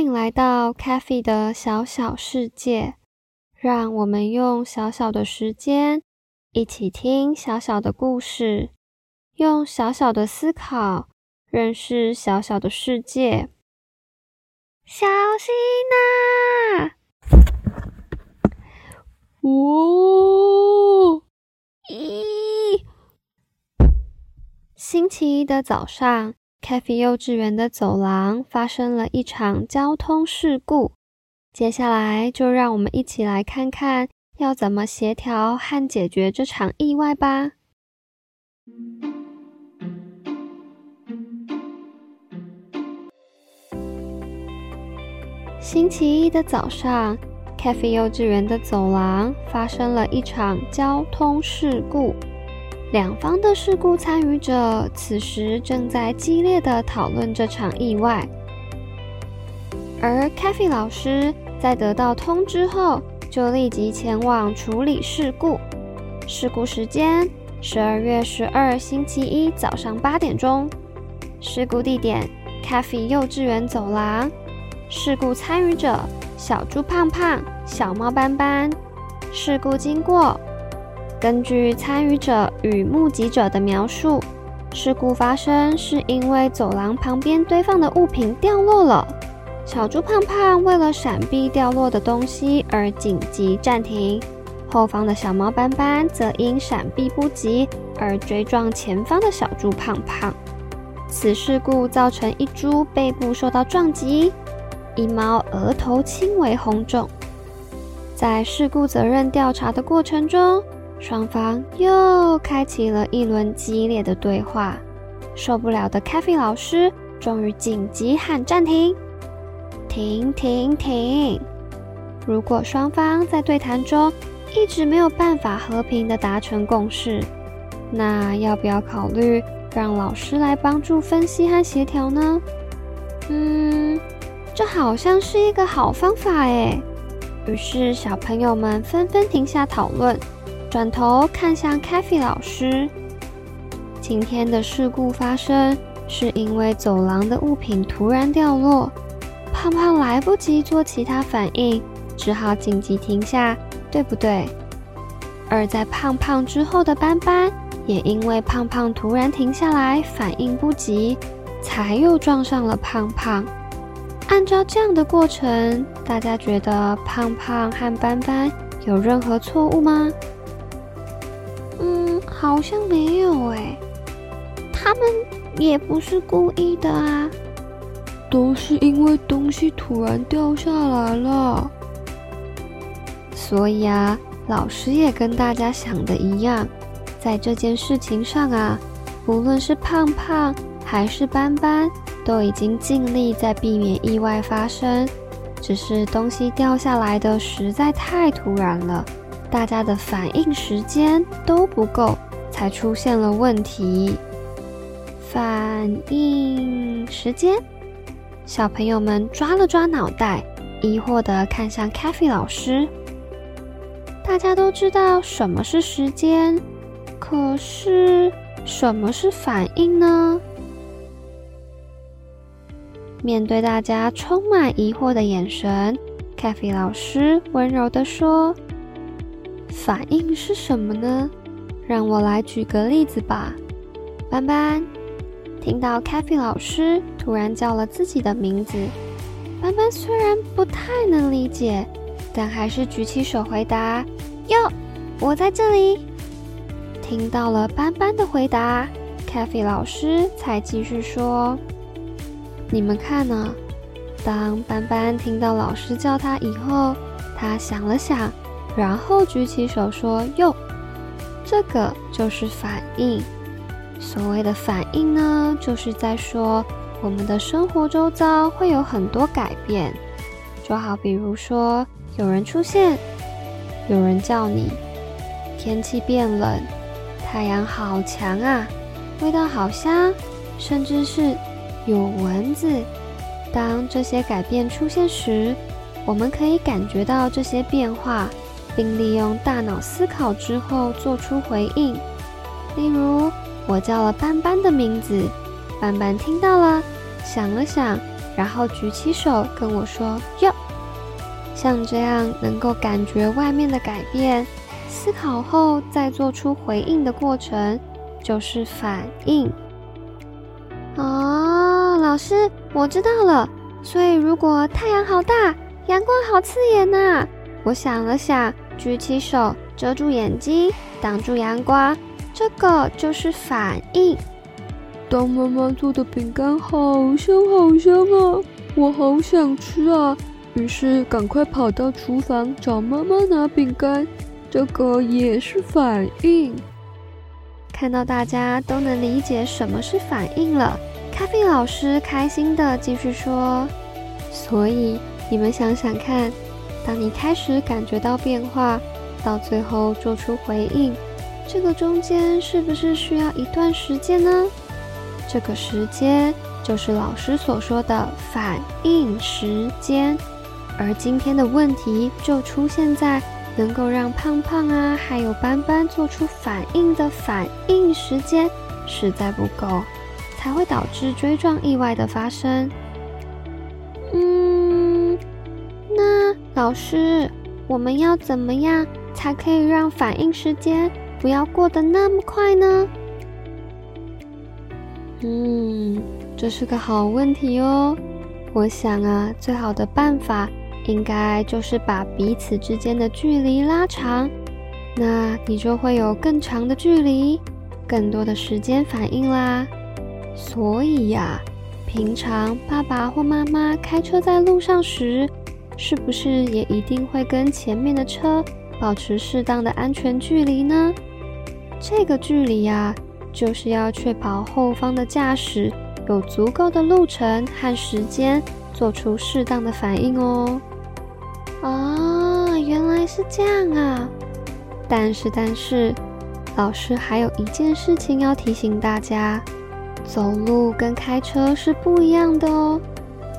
歡迎來到咖 a 的小小世界，讓我們用小小的時間一起聽小小的故事，用小小的思考認識小小的世界。小心吶、啊！嗚、哦、咦！星期一的早上。CaFi 幼稚園的走廊發生了一場交通事故，接下來就讓我們一起來看看要怎麼協調和解決這場意外吧。星期一的早上，CaFi 幼稚園的走廊發生了一場交通事故。兩方的事故參與者此時正在激烈的討論這場意外，而 CaFi 老師在得到通知後就立即前往處理事故。事故時間：十二月十二星期一早上八點鐘。事故地點：CaFi 幼稚園走廊。事故參與者：小豬胖胖、小貓斑斑。事故經過。根據參與者與目擊者的描述，事故發生是因為走廊旁邊堆放的物品掉落了。小豬胖胖為了閃避掉落的東西而緊急暫停，後方的小貓斑斑則因閃避不及而追撞前方的小豬胖胖。此事故造成一豬背部受到撞擊，一貓額頭輕微紅腫。在事故責任調查的過程中。雙方又開啟了一輪激烈的對話，受不了的 CaFi 老師終於緊急喊暫停，停停停停！如果雙方在對談中一直沒有辦法和平地達成共識，那要不要考慮讓老師來幫助分析和協調呢？嗯，這好像是一個好方法誒。於是小朋友們紛紛停下討論。轉頭看向 CaFi 老師。今天的事故發生是因為走廊的物品突然掉落，胖胖來不及做其他反應，只好緊急停下，對不對？而在胖胖之後的斑斑，也因為胖胖突然停下來，反應不及，才又撞上了胖胖。按照這樣的過程，大家覺得胖胖和斑斑有任何錯誤嗎？好像沒有欸，他們也不是故意的啊，都是因為東西突然掉下來了，所以啊，老師也跟大家想的一樣，在這件事情上啊，無論是胖胖還是斑斑，都已經盡力在避免意外發生，只是東西掉下來的實在太突然了，大家的反應時間都不夠。才出現了問題。反應時間，小朋友們抓了抓腦袋，疑惑地看向 CaFi 老師。大家都知道什麼是時間，可是什麼是反應呢？面對大家充滿疑惑的眼神，CaFi 老師溫柔地說：“反應是什麼呢？”讓我來舉個例子吧，斑斑聽到 CaFi 老師突然叫了自己的名字，斑斑雖然不太能理解，但還是舉起手回答：“喲，我在這裡。”聽到了斑斑的回答，CaFi 老師才繼續說：“你們看呢、啊？當斑斑聽到老師叫他以後，他想了想，然後舉起手說：‘喲。’”這個就是反應。所謂的反應呢，就是在說我們的生活周遭會有很多改變。就好比如說有人出現，有人叫你，天氣變冷，太陽好強啊，味道好香，甚至是有蚊子。當這些改變出現時，我們可以感覺到這些變化。並利用大腦思考之後做出回應，例如我叫了斑斑的名字，斑斑聽到了，想了想，然後舉起手跟我說“喲”，像這樣能夠感覺外面的改變，思考後再做出回應的過程就是反應。哦，老師，我知道了，所以如果太陽好大，陽光好刺眼吶啊。我想了想，舉起手遮住眼睛，擋住陽光，這個就是反應。當媽媽做的餅乾好香好香啊，我好想吃啊！於是趕快跑到廚房找媽媽拿餅乾，這個也是反應。看到大家都能理解什麼是反應了，咖啡老師開心地繼續說：“所以你們想想看。”當你開始感覺到變化，到最後做出回應，這個中間是不是需要一段時間呢？這個時間就是老師所說的反應時間。而今天的問題就出現在能夠讓胖胖啊，還有斑斑做出反應的反應時間實在不夠，才會導致追撞意外的發生。老師，我們要怎麼樣才可以讓反應時間不要過得那麼快呢？嗯，這是個好問題哦。我想啊，最好的辦法應該就是把彼此之間的距離拉長，那你就會有更長的距離，更多的時間反應啦。所以呀、啊，平常爸爸或媽媽開車在路上時。是不是也一定會跟前面的車保持適當的安全距離呢？這個距離呀，就是要確保後方的駕駛有足夠的路程和時間做出適當的反應哦。啊，原來是這樣啊！但是但是，老師還有一件事情要提醒大家：走路跟開車是不一樣的哦。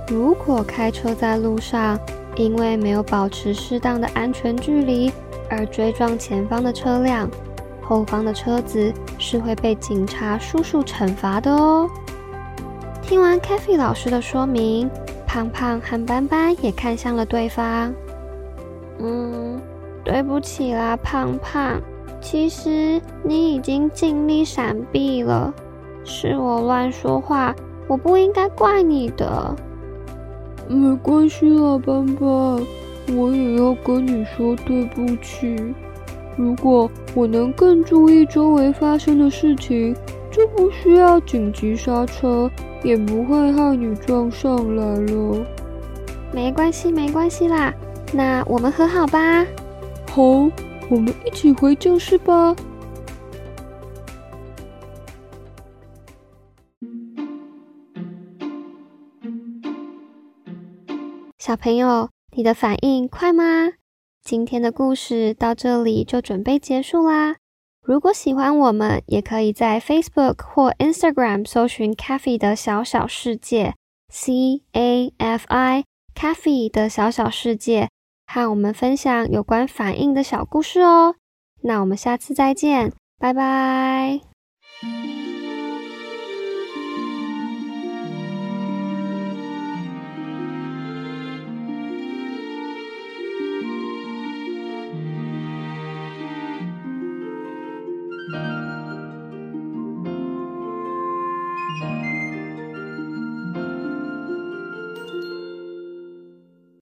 如果開車在路上，因為沒有保持適當的安全距離而追撞前方的車輛，後方的車子是會被警察叔叔懲罰的哦。聽完 CaFi 老師的說明，胖胖和斑斑也看向了對方。嗯，對不起啦，胖胖，其實你已經盡力閃避了，是我亂說話，我不應該怪你的。沒關係啦，斑斑，我也要跟你說對不起。如果我能更注意周圍發生的事情，就不需要緊急剎車，也不會害你撞上來了。沒關係，沒關係啦，那我們和好吧。好，我們一起回教室吧。小朋友，你的反應快嗎？今天的故事到這裡就準備結束啦。如果喜歡我們，也可以在 Facebook 或 Instagram 搜尋 CaFi 的小小世界 （C A F I CaFi 的小小世界），和我們分享有關反應的小故事哦。那我們下次再見，拜拜。